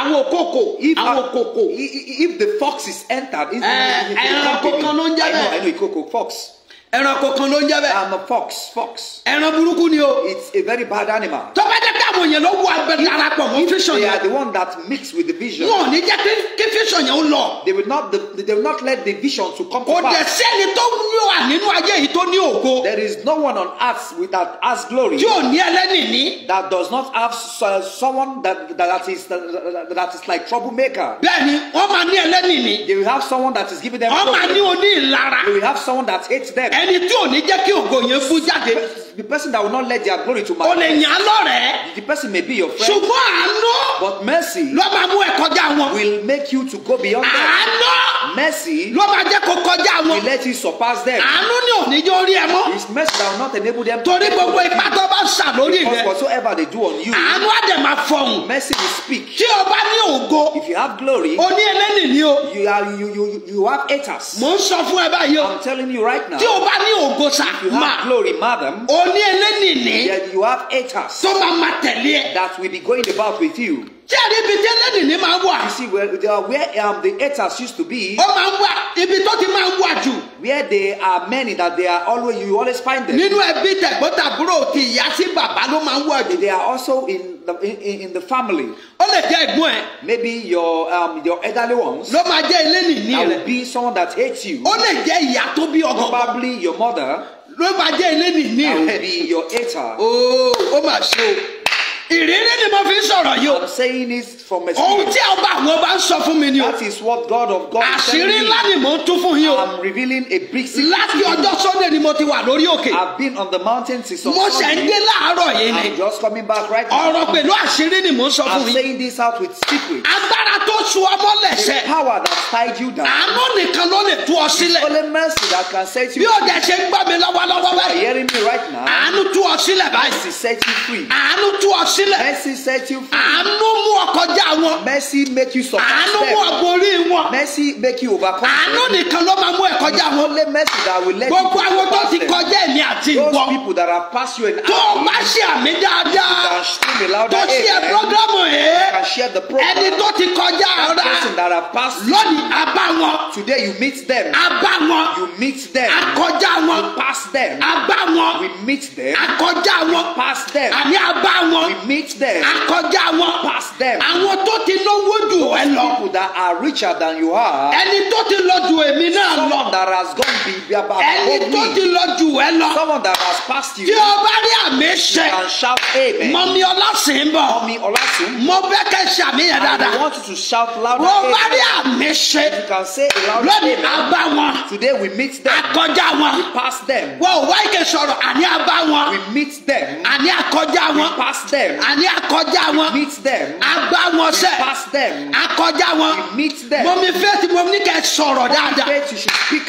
àwọn òkòkò àwọn òkòkò. if the fox is entered. ẹ eh, ẹranko ló ń jẹ́ bẹ́ẹ̀. i know i know ìkòkò fox ẹranko kan ló ń jẹ bẹ́ẹ̀. I'm a fox fox. ẹran burúkú ni o. it's a very bad animal. tó bá dé pé àwọn èèyàn ló wọ darapọ̀ mọ́ vision yẹn. they are the one that mix with the vision. wọn ò ní jẹ́ kí vision yẹn ó lọ. they will not the, they will not let the vision to come to pass. kò dẹ̀ sẹ́ni tó wà nínú ayé yìí tó ní ògo. there is no one on earth without as glory. tí ò ní ẹlẹ́ni ní. that does not have uh, someone that that is that, uh, that is like troublemaker. bẹ́ẹ̀ni wọ́n máa ní ẹlẹ́ni ní. they will have someone that is giving them. wọ́n máa ní oní ìlara. they will have someone that hates them ẹni tí ò ní jẹ́ kí ògo yẹn fún jáde. the person that will not let their glory to manifest. o lè yàn án the person may be your friend. ṣùgbọ́n àánú. but mercy. ló máa mú ẹ kọjá wọn. will make you to go beyond them. àánú. mercy. ló máa jẹ́ kó kọjá wọn. will let you surpass them. àánú ni ò ní jẹ́ ẹ mọ́. his mercy that will not enable them. torí gbogbo ipá tó bá ṣà lórí rẹ. because whatsoever they do on you. àánú á dẹ̀ máa fọhùn. mercy will speak. tí o bá ní ògo. if you have glory. o ní ẹlẹ́nìí ni o. you are you you you have haters. mo ń sọ fún ẹ báyìí o. i'm telling you right now. tí o bá bá ní ògo ṣá máa glory madam. o ní elénìní. that you have haters. tó máa ma tẹ̀lé ẹ. that will be going about with you. tí a rí ibi tí elénìní máa wà. you see where they are where um, the haters used to be. ó máa ń wà ibi tó ti máa ń wà jù. where there are many that they are always you always find them. nínú ẹbí tẹ̀gbọ́n tàbúrò ti ìyá sí bàbá ló máa ń wà jù. they are also in the, in, in the family. ó lè jẹ́ ẹ̀gbọ́n ẹ. maybe your um, your elderly ones. ló máa jẹ́ ilé nìní rẹ. will be someone that hates you. ó lè jẹ́ ìyá tó bí ọgàn. probably your mother. ló máa jẹ́ ilé nìní rẹ. will be your hater. ooo ó mà ṣe o ìrírí ni mo fi ń sọ̀rọ̀ yìí o. I'm saying it from experience. ohun tí ọba àwọn ọba ń sọ fún mi ni o. That is what God of God is telling me. àṣírí ńlá ni mò ń tú fún yín o. I'm revealing a big secret. láti ọjọ́ Sunday ni mo ti wà lórí òkè. I've been on the mountain since Sunday. mo ṣe ń dé láàárọ̀ yìí ni. I'm just coming back right now. ọ̀rọ̀ pẹ̀lú àṣírí ni mò ń sọ fún yín. I'm saying this out with secret. agbára tó su ọmọ lẹ̀sẹ̀. The power that tied you down. àánú nìkan ló lè tú ọ sílẹ̀. It's only mercy that can set you free. bí ọjà ṣe ń gbà mí hearing me right now. àánú tú ọ sílẹ̀ sílẹ̀. mercy set you free. àánú mú ọ kọjá wọn. mercy make you surpass them. àánú mú ọ borí wọn. mercy make you overcome. àánú nìkan ló máa mú ẹ kọjá wọn. only mercy that will let you pass them. gbogbo àwọn tó ti kọjá ẹ̀mí àti ìwọ. those people that have passed you in hand. tó o bá ṣe àmì dáadáa. you can stream a louder air. tó ṣe program ẹ̀. you can share the program. ẹni tó ti kọjá ọ̀rá. the person that have passed you. lónìí a bá wọn. today you meet them. a bá wọn. you meet them. a kọjá wọn. you pass them. a bá wọn. we meet them. a kọjá wọn. pass them. àní a bá wọn. we meet them. Akọjá wọn. Pass them. Àwọn tó ti lówó jù ẹ lọ. People that are richer than you are. Ẹni tó ti lọ jù èmi náà lọ. Someone that has gone be about me. Ẹni tó ti lọ jù ẹ lọ. Someone that has passed you. Tí o bá rí àmì ṣe. You can shout amen. Mọ̀mí Ọlásìnbọ̀. Mọ̀mí Ọlásìnbọ̀. Mo bẹ́ kẹ́ ṣàmìyàn dáadáa. I want you to shout louder amen. Mo bá rí àmì ṣe. You can say a loud amen. Lónìí a bá wọn. Today we meet them. Akọjá wọn. We pass them. Wọ́n ò wá ìkẹsọ̀rọ̀ àní a bá wọn. We meet them. Àní akọjá wọn. We pass them them. àní wọn. meet them. agbá wọn sẹ́. pass them. akọjá wọn. meet them. mo mi fẹ́ ti mo ní kẹ́ sọ̀rọ̀ dáadáa. only faith you should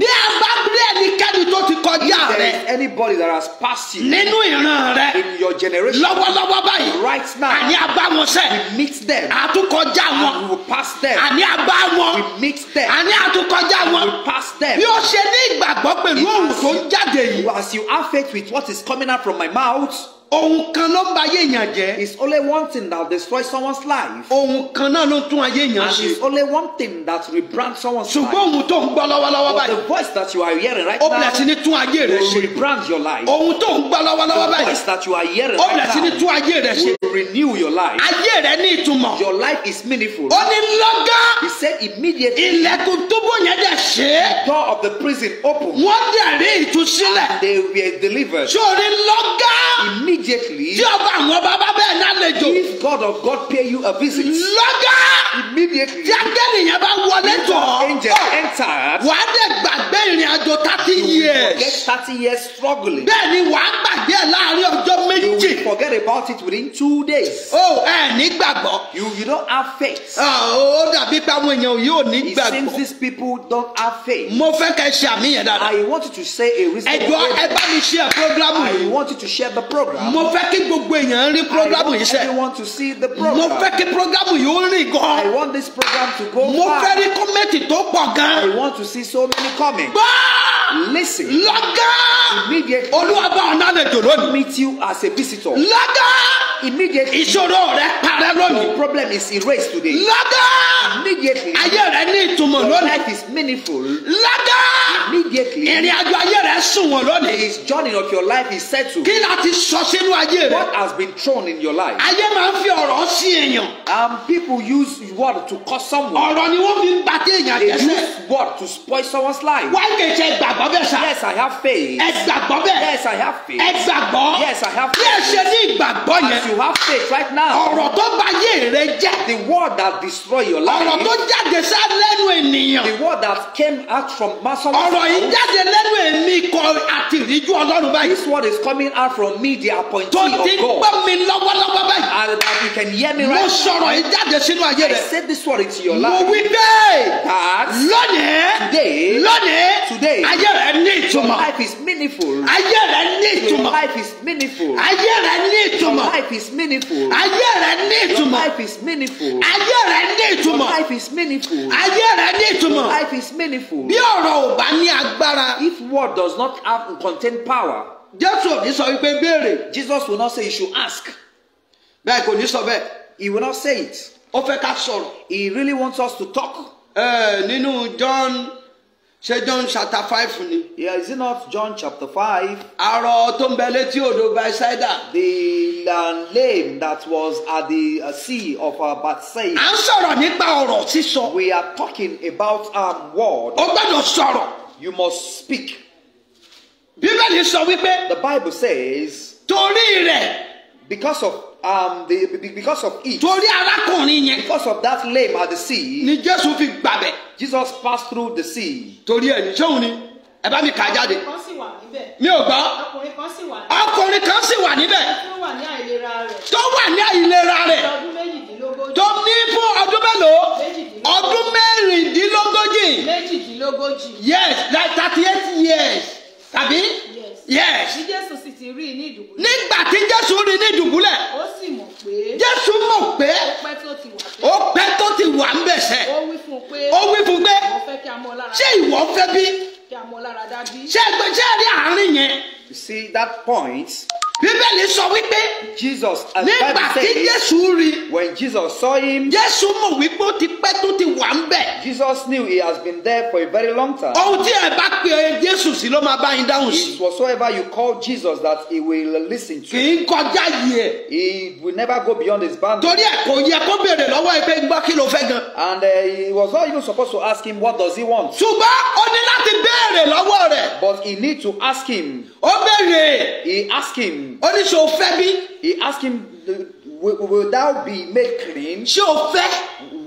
bí a bá rí ẹnikẹ́ni tó ti kọjá rẹ. if there is anybody that has passed you. nínú ìran rẹ. in your generation. lọ́wọ́lọ́wọ́ báyìí. right now. àní agbá wọn sẹ́. we meet them. àtúkọjá wọn. and we will pass them. àní agbá wọn. we meet them. àní àtúkọjá wọn. we will pass them. bí o ṣe ní ìgbàgbọ́ pẹ̀lú òun tó ń jáde yìí. as you have faith with what is coming out from my mouth ohun kan ló ń ba ayé èèyàn jẹ́. it's only one thing that destroy someone's life. ohun kan náà ló ń tún ayé èèyàn ṣe. and it's only one thing that rebrand someone's life. ṣùgbọ́n ohun tó ń gbọ́ lọ́wọ́lọ́wọ́ báyìí. but the voice that you are hearing right now. ó bẹ̀rẹ̀ ní tún ayé rẹ ṣe. will rebrand your life. ohun tó ń gbọ́ lọ́wọ́lọ́wọ́ báyìí. the voice that you are hearing right now. ó bẹ̀rẹ̀ sí ní tún ayé rẹ ṣe renew your life. ayé rẹ ní ìtumọ̀. your life is meaningful. ó ní lọ́gán. he said immediately. ilẹ̀kùn túbú yẹn dẹ̀ ṣe. the door of the prison opened. wọ́n dẹ̀ rí ìtúsílẹ̀. and they were delivered. sórí lọ́gán. immediately. tí ọba àwọn bàbá bẹ́ẹ̀ náà if God of God pay you a visit. lọ́gán. immediately. tí angẹ́lì yẹn bá wọlé tọ̀. if angel oh. entered. wàá dẹ̀ gbàgbé ìrìn àjò thirty years. you forget thirty years struggling. bẹ́ẹ̀ ni wàá gbàgbé ẹ̀ láàrin ọjọ́ méjì. you will forget about it within two two days. ó ẹ nígbàgbọ́. you you don't have faith. ó dàbí pé àwọn èèyàn yóò nígbàgbọ́. it seems these people don't have faith. mo fẹ́ kẹ́ ṣe àmìyàn dáadáa. I want you to say a reason. ẹ̀jọ̀ ẹ bá mi share program yìí. I want you to share the program. mo fẹ́ kí gbogbo èèyàn rí program yìí ṣe. I want everyone to see the program. mo fẹ́ kí program yìí ó rìn gan. I want this program to go far. mo fẹ́ rí kọ́mẹ́ntì tó pọ̀ gan. I want to see so many coming. gbọ́. listen. lọ́gán. immediately. olúwa bá ọ̀nà àlejò lónìí. meet you as a visitor. lọ́gán. immediately immediately. ìṣòro rẹ parẹ́ lónìí. your problem is erased today. lọ́gà. immediately. ayé rẹ ní ìtumọ̀ lónìí. your life is meaningful. lọ́gà. immediately. ìrìn àjò ayé rẹ sunwọ̀n lónìí. the journey of your life is settled. kí la ti sọ sínú ayé rẹ. what has been thrown in your life. ayé máa ń fi ọ̀rọ̀ sí èèyàn. um people use word to cause someone. ọ̀rọ̀ ni wọ́n fi ń gbàtẹ́ èèyàn jẹ́sẹ̀. they use word to spoil someone's life. wáyé kẹ̀kẹ́ gbàgbọ́ bẹ́ẹ̀ sá. yes I have faith. ẹ gbàgbọ́ bẹ́ẹ̀. yes I have faith. ẹ gbàgbọ́. yes I have faith. bí ẹ ṣe ní ìgbàgbọ́ yẹn. as you have faith right now. ọ̀rọ̀ tó bá yé rẹ jẹ́. the word that destroy your life. ọ̀rọ̀ tó jáde sá lẹ́nu ènìyàn. the word that came out from mason. ọ̀rọ̀ yìí jáde lẹ́nu èmi kọ àti ìríjú ọlọ́run báyìí. this word is coming out from me the appointee of God. tó ti gbọ́ mi lọ́wọ́lọ́wọ́ báyìí. and that you can hear me right now. mo sọ̀rọ̀ yìí jáde sínú ayé rẹ. I said this word into your life. mo wí bẹ́ẹ̀. that lónìí. today lónìí. today ayé rẹ ní ìtumọ̀. your life is meaningful. ayé rẹ ní ìtumọ̀. your life is meaningful. ayé rẹ ní ìtumọ̀. your life is meaningful meaningful. ayé rẹ ní ìtumọ̀. your life is meaningful. ayé rẹ ní ìtumọ̀. your life is meaningful. ayé rẹ ní ìtumọ̀. your life is meaningful. bí ọ̀rọ̀ ò bá ní agbára. if word does not have contain power. Jésù ò ní sọ wípé béèrè. Jesus will not say you should ask. bẹ́ẹ̀ kò ní sọ bẹ́ẹ̀. he will not say it. ó fẹ́ ká sọ̀rọ̀. he really wants us to talk. ẹ nínú John ṣé John chapter five ni. Yeah, is it not John chapter five? Arọ tó ń bẹ létí odò Bethsaida. The uh, lame that was at the uh, sea of uh, Bethsaida. À ń sọ̀rọ̀ nípa ọ̀rọ̀ sísọ. We are talking about um, word. O gbọ́dọ̀ sọ̀rọ̀. You must speak. Bíbélì sọ wípé. The Bible says. Torí rẹ̀. Because of um, the, because of it. torí arákùnrin yẹn. because of that lame at the sea. ni Jésù fi gbàbẹ̀. Jesus passed through the sea. torí ẹ̀ ní sẹ́wọ̀n ni ẹ bá mi kà á jáde. ọkùnrin kan sì wà níbẹ̀. mi ò gbọ́. ọkùnrin kan sì wà níbẹ̀. ọkùnrin kan sì wà níbẹ̀. tó wà ní àìlera rẹ̀. tó wà ní àìlera rẹ̀. ọdún méjìdínlógójì. tó ní fún ọdún mélòó. méjìdínlógójì. ọdún mẹ́rìndínlógójì. méjìdínlógójì. yes like thirty eight years tàbí yes. bí jésù sì ti rí i ní ìdùbúlẹ̀. nígbà tí jésù rí i ní ìdùbúlẹ̀. ó sì mọ̀ pé. jésù mọ̀ pé. ó pẹ́ tó ti wà bẹ́ẹ̀. ó pẹ́ tó ti wà ń bẹ̀ sẹ́. ó wí fún un pé. ó wí fún un pé. mo fẹ́ kí a mọ lára. ṣé ìwọ fẹ́ bí. kí a mọ lára dá bí. ṣé ẹgbẹ́ ṣé ẹ rí àárín yẹn. you see that point bíbélì sọ wípé. Jesus as Bible says. nígbà tí Jésù rí. when Jesus saw him. Jésù mọ̀ wípé ó ti pẹ́ tó ti wà ń bẹ̀. Jesus knew he has been there for a very long time. ohun tí ẹ bá pe Jésù sí ló máa bá yín dáhùn sí. it whatsoever you call Jesus that he will listen to. kì í kọjá yìí he will never go beyond his boundary. torí ẹ kò yẹ kó béèrè lọ́wọ́ ẹ pé gbọ́ kí ló fẹ́ gan. and uh, he was not even supposed to ask him what does he want. ṣùgbọ́n o ní láti béèrè lọ́wọ́ rẹ̀. but he need to ask him. ó béèrè. he asked him. ó ní ṣé o fẹ́ bí. he asked him will, that be made clean. ṣé o fẹ́.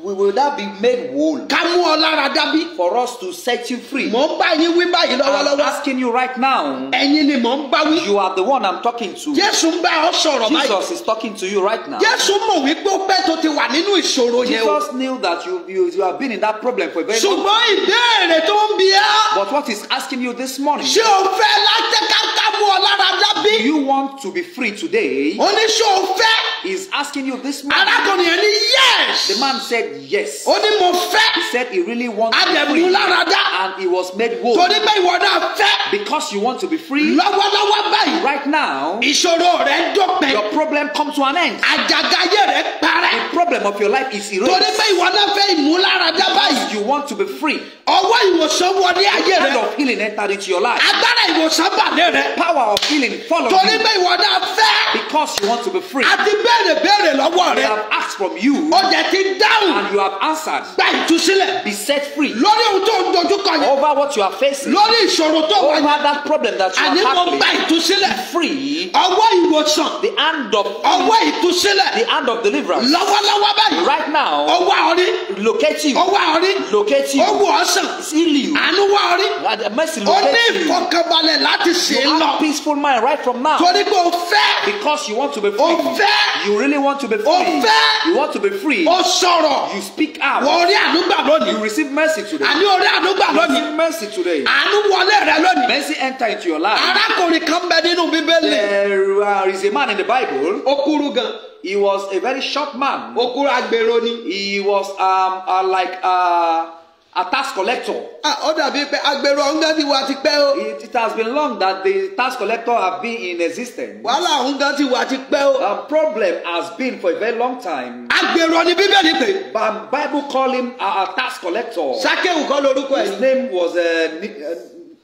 will, that be made whole. ká mú ọ lára dábí. for us to set you free. mò ń bá yín wí báyìí lọ́wọ́lọ́wọ́. I'm asking you right now. ẹ̀yin ni mò ń bá wí. you are the one I'm talking to. Jésù ń bá ọ sọ̀rọ̀ báyìí. Jesus is talking to you right now. Jésù mọ̀ wípé ó pẹ́ tó ti wà nínú ìṣòro yẹn o. Jesus knew that you, you, you have been in that problem for a very long time. ṣùgbọ́n ìbéèrè tó ń bi á. but what is asking you this morning. ṣé o fẹ́ látẹ̀kátà mú ọ lára dá bí. you want to be free today. ó ní ṣé he is asking you this morning. arákùnrin yẹn ní yes. the man said yes. ó ní mo fẹ́. he said he really wants to be free. àdẹ̀mú lára dá. and he was made whole. torí pé ìwọ náà fẹ́. because you want to be free. lọ́wọ́lọ́wọ́ báyìí. right now. ìṣòro rẹ̀ dópin. your problem comes to an end. àjàgà ayé rẹ̀ parẹ́. the problem of your life is erased. torí pé ìwọ náà fẹ́ ìmúláradá báyìí. you want to be free. ọwọ́ ìwòsàn wọlé ayé rẹ. the kind of healing entered into your life. agbára ìwòsàn bàdé power of healing follow you. torí pé ìwọ náà because you want to be free. àti béèrè béèrè lọ́wọ́ rẹ. I have asked from you. ó jẹ́ ti dáhùn. and you have answered. gba ìtúsílẹ̀. be set free. lórí ohun tó ń dojú kọ yẹn. over what you are facing. lórí ìṣòro tó wà yẹn. over that problem that you are having. àní gba ìtúsílẹ̀. be free. ọwọ́ ìwòsàn. the hand of. ọwọ́ ìtúsílẹ̀. the hand of deliverance. lọ́wọ́lọ́wọ́ báyìí. right now. ọwọ́ ọrí. locate you. ọwọ́ ọrí. locate you. owó ọ̀sán. heal you. àánú wọ́ mercy locate you. ó ní ìfọkànbalẹ̀ láti ṣe é lọ peaceful mind right from now. torí pé fẹ́. because you want to be free. o fẹ́. you really want to be free. o fẹ́. you want to be free. o sọ̀rọ̀. you speak out. wọ́n rí àánú lónìí. you receive mercy today. àní orí àánú lónìí. you receive mercy today. àánú wọlé rẹ lónìí. mercy enter into your life. arákùnrin kan bẹ nínú bíbélì. there uh, is a man in the bible. ó kúrú gan. He was a very short man. Okura agbero ni. He was um, uh, like. Uh, a tax collector. ó dàbí pé agbèrò ọ̀hún ti wà tipẹ́ o. it has been long that the tax collector have been in existence. wàhálà ọ̀hún ti wà tipẹ́ o. the problem has been for a very long time. agbèrò ni bíbélì pè. but bible call him a, a tax collector. sakewu kọ́ lórúkọ ẹ̀. his name was uh, uh,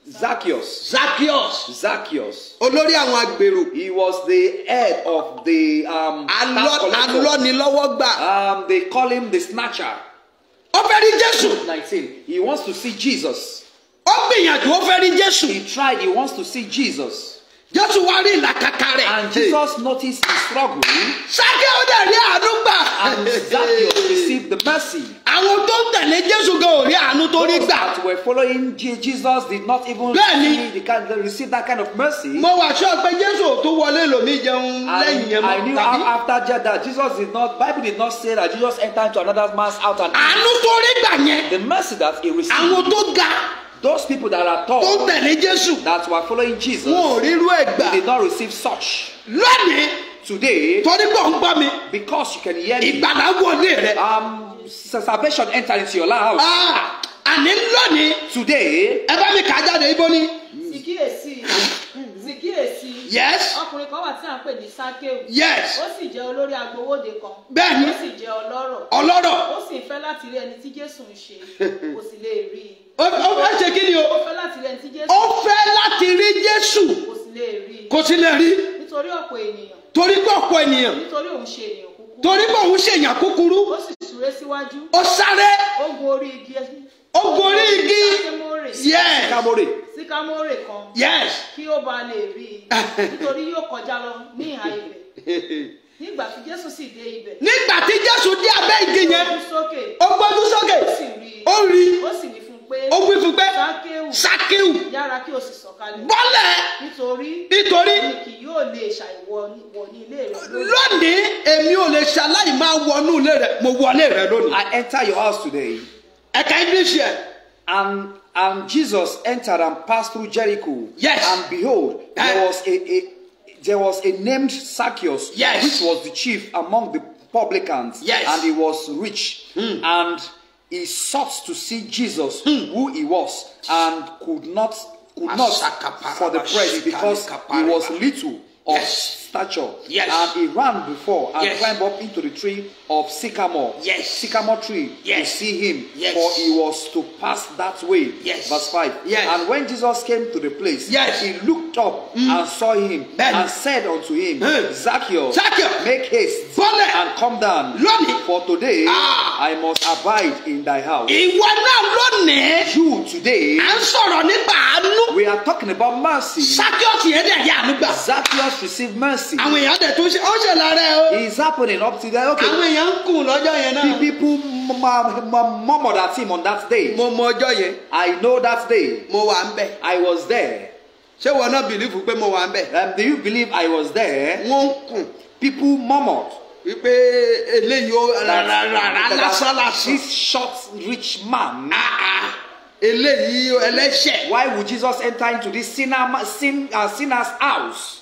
Zacchaeus. Zacchaeus. Zacchaeus. Olórí àwọn agbèrò. He was the head of the um, tax collector. Alọ́nilọ́wọ́gbà. Um, they call him the snatcher ó fẹ́ rí jésù. nineteen he wants to see Jesus. ó gbìyànjú ó fẹ́ rí jésù. he tried he wants to see Jesus. Jésù wá rí ìlàkàkà rẹ̀. and Jesus noticed his struggle. Ṣáké ó dẹ̀ rí àánú and Zacchaeus received the mercy àwọn tó ń tẹ̀lé Jésù gan ò rí àánú tó rí gbà. those that were following Jesus did not even see the kind receive that kind of mercy. mo wà sọ pé Jésù ò tó wọlé lòmí jẹun lẹ́yìn yẹn mọ́ tàbí. I knew after that that Jesus did not Bible did not say that Jesus entered into another man's house and. àánú tó rí gbà yẹn. the mercy that he received. àwọn tó ga. those people that are tall. tó ń tẹ̀lé Jésù. that were following Jesus. wọn ò rírú ẹ̀ they did not receive such. lónìí. today. torí pé ò ń gbọ́ mi. because you can hear me. ìgbàlá wọlé rẹ. um salvation enter into your life. Ah, àní lónìí. today. ẹ bá mi kà á jáde ibo ni. sìkíyèsí sìkíyèsí. yes. ọkùnrin kan wà tí à ń pè ní sákéwù. yes. ó sì jẹ́ olórí agbowóde kan. bẹ́ẹ̀ni. ó sì jẹ́ ọlọ́rọ̀. ọlọ́rọ̀. ó sì fẹ́ láti rí ẹni tí jésù ń ṣe <laughs> kò sì lè rí i. ó fẹ́ ṣe kí ni o. ó fẹ́ láti rí ẹni tí jésù. ó kò sì lè rí kò sì lè rí nítorí ọ̀pọ̀ ènìyàn. torí pé ọ̀pọ̀ ènìyàn. nítorí òun ṣe ènìyàn torí pé òun ṣèyàn kúkúrú ó sì súré síwájú ó sáré ó gun orí igi ó gun orí igi síkámórè síkámórè kan kí ó ba lè rí i eh. nítorí yóò kọjá lọ ní ìhà ibẹ̀ <laughs> nígbà tí jésù sì dé ibẹ̀. nígbà tí jésù dé abẹ́ igi yẹn ó gbójú sókè ó rí i ó sì ní ó wí fún pé sakiu bọ́lẹ̀ nítorí lónìí. èmi ò lè ṣaláì máa wọnú ilé rẹ mo wọlé rẹ lónìí. I enter your house today. ẹ̀ka english yẹn. and and Jesus entered and passed through Jericho. Yes. And behold, there eh. was a, a there was a named Zacchaeus, yes. which was the chief among the publicans, yes. and he was rich. Mm. And he sought to see Jesus, hmm. who he was, and could not could not for the press because he was little or yes stature. Yes. And he ran before and yes. climbed up into the tree of sycamore. Yes. Sycamore tree yes. to see him. Yes. For he was to pass that way. Yes. Verse 5. Yes. And when Jesus came to the place, yes. he looked up mm. and saw him ben. and said unto him, mm. Zacchaeus, Zacchaeus, make haste Bole. and come down. Lónìí. For today ah. I must abide in thy house. Ìwọ náà lónìí. You today. À ń sọ̀rọ̀ nípa àánú. We are talking about mercy. Zacchaeus yẹn dẹ̀ yà àánú gbà. Zacchaeus received mercy mercy. àwọn èèyàn dẹ̀ tún ṣe ó ṣe lára ẹ o. it's happening up to there. okay. àwọn èèyàn kùn lọ́jọ́ yẹn náà. the people murmured at him on that day. mo mọ ọjọ́ yẹn. I know that day. mo wà ń bẹ̀. I was there. ṣé wọn náà believe pé mo wà ń bẹ̀. Um, do you believe I was there? wọ́n ń kùn. people murmured wípé eléyìí ó lásán lásán. this short rich man. Ah, ah. eléyìí ẹlẹ́ṣẹ̀. why would Jesus enter into this sinner, sin, uh, sinner's house?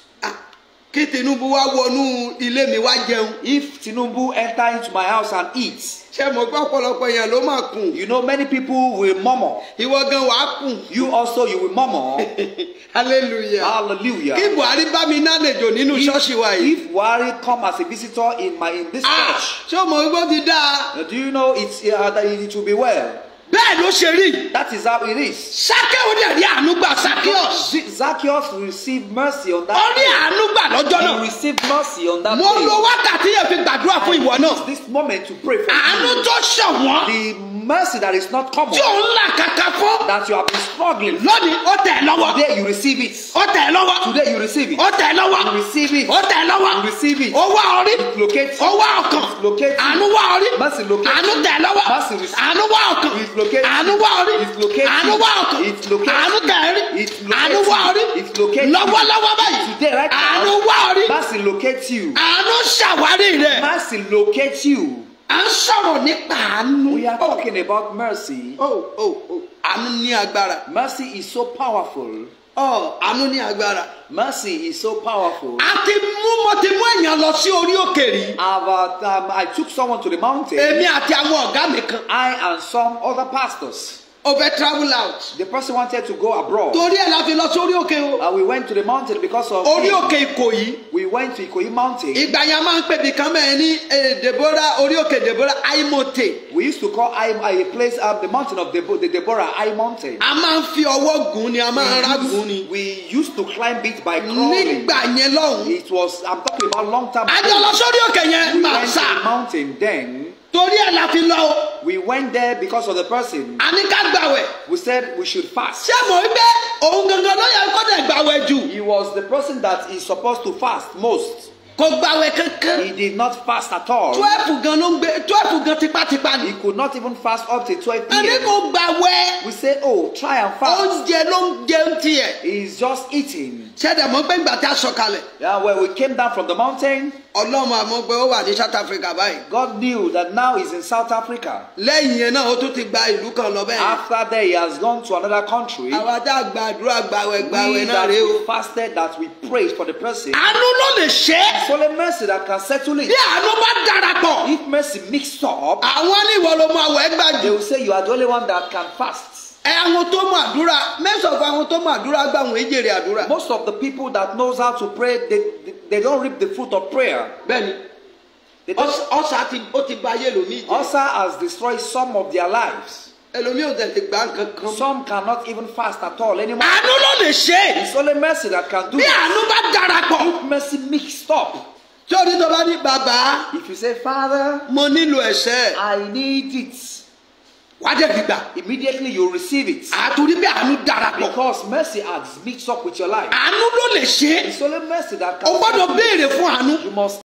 kí Tinubu wá wọnú ilé mi wá jẹun. if Tinubu enter into my house and eat. ṣé mo gbọ́ ọ̀pọ̀lọpọ̀ èèyàn ló máa kùn. you know many people will murmur. ìwọ gan wàá kùn. you also you will murmur. <laughs> hallelujah. hallelujah. kí Buhari bá mi nálejò nínú ṣọ́ọ̀ṣì wa yìí. if Buhari come as a visitor in my in this ah, church. ṣé o mọ̀ wípé ti dáa. do you know it's, uh, it will be well bẹ́ẹ̀ ló ṣe rí. that is how it is. sakewo dẹ̀ rí àánú gbà Zacchaeus. Zacchaeus received mercy on that. ó rí àánú lọ́jọ́ náà. he received mercy on that day. mo lo wákàtí yẹn fi gbàdúrà fún ìwọ náà. this moment to pray for you. àánú tó ṣọ̀wọ́n. the mercy that is not common. that you have been struggling. lónìí ó tẹ̀ lọ́wọ́. today you receive it. ó tẹ̀ lọ́wọ́. today you receive it. ó tẹ̀ lọ́wọ́. you receive it. ó tẹ̀ lọ́wọ́. you receive it. owó orí. locate. owó ọkàn. locate. àánú wá orí. mercy locate. àánú tẹ̀ lọ́wọ́. mercy receive. àánú wá ọkàn. it locate. àánú wá orí. it locate. àánú wá ọkàn. it locate. àánú tẹ̀ rí. it locate. àánú wá orí. it locate. lọ́wọ́lọ́wọ́ báyìí. today right now. àánú wá orí. mercy locate you. àánú ṣàwárí rẹ̀. mercy locate you à ń sọ̀rọ̀ nípa we are talking oh. about mercy. oh oh oh àánú ní agbára. mercy is so powerful. Oh, àánú ní agbára. Mercy is so powerful. A ti mú mo ti mú èèyàn lọ sí orí òkè About um, I took someone to the mountain. Èmi àti àwọn ọ̀gá mi kan. I and some other pastors o fẹ́ travel out. the person wanted to go abroad. torí ẹ̀ la fi lọ sórí òkè o. and we went to the mountain because of. orí òkè ìkòyí. we went to Ikoyi mountain. ìgbà yẹn a máa ń pè nìkan mẹ́rin ní eh, Deborah orí òkè Deborah aimote. we used to call aim a place up the mountain of Debo the Deborah high mountain. a máa ń fi ọwọ́ gùn ni a máa ń ra gùn ni. we used to climb it by crawling. nígbà yẹn lọ́hùn. it was I'm talking about long time ago. a jọ lọ sórí òkè yẹn. we went to the mountain then torí ẹ̀ la fi lọ we went there because of the person. a ní ká gbàwẹ̀. we said we should fast. ṣé mo rí pé òun gangan ló yẹ kó dẹ̀ gbàwẹ̀ jù. he was the person that is supposed to fast most. kò gbàwẹ̀ kankan. he did not fast at all. twelve gan ló ń gbé twelve gan tipátipá ni. he could not even fast up to twelve pm. ẹni kò gbàwẹ̀. we say oh try and fast. oúnjẹ ló ń jẹun tiẹ̀. he is just eating ṣẹ̀dá mọ́ pé ìgbà tí a sọ̀kalẹ̀. yeah when we came down from the mountain. ọlọ́run àmọ́ pé ó wà ní South Africa báyìí. God knew that now he is in South Africa. lẹ́yìn yẹn náà ó tún ti gba ìlú kan lọ bẹ́ẹ̀. after that he has gone to another country. àwa tá a gbàdúrà gbàwẹ̀ gbàwẹ̀ náà rèé o. we that we fasted that we prayed for the person. àánú ló lè ṣe. sọlẹ mercy that can settle it. bí àánú bá darapọ̀. if mercy mix up. àwọn ní ìwọ ló mọ àwẹ̀ gbàdú. they will say you are the only one that can fast àwọn tó mọ àdúrà mẹ́sàn-án àwọn tó mọ àdúrà gba àwọn ejèrè àdúrà. most of the people that knows how to pray they they, they don't reap the fruit of prayer. bẹ́ẹ̀ni ọ̀sà ti ó ti bà ayé lómi jẹ́. has destroyed some of their lives. ẹlòmí ò tẹ̀ gbà nǹkan kan. some cannot even fast at all anymore. àánú ló lè ṣe. it's only mercy that can do it. bí àánú bá darapọ̀. if mercy mixed up tí orí tó bá ní bàbá. if you say father. mo nílò ẹ̀ṣẹ̀. I need it wà á dẹ̀ gbígbà. immediately you receive it. àtúndí bí àánú dára pọ̀. because mercy has mixed up with your life. àánú ló lè ṣe. it's only mercy that can. o gbọ́dọ̀ béèrè fún àánú. you must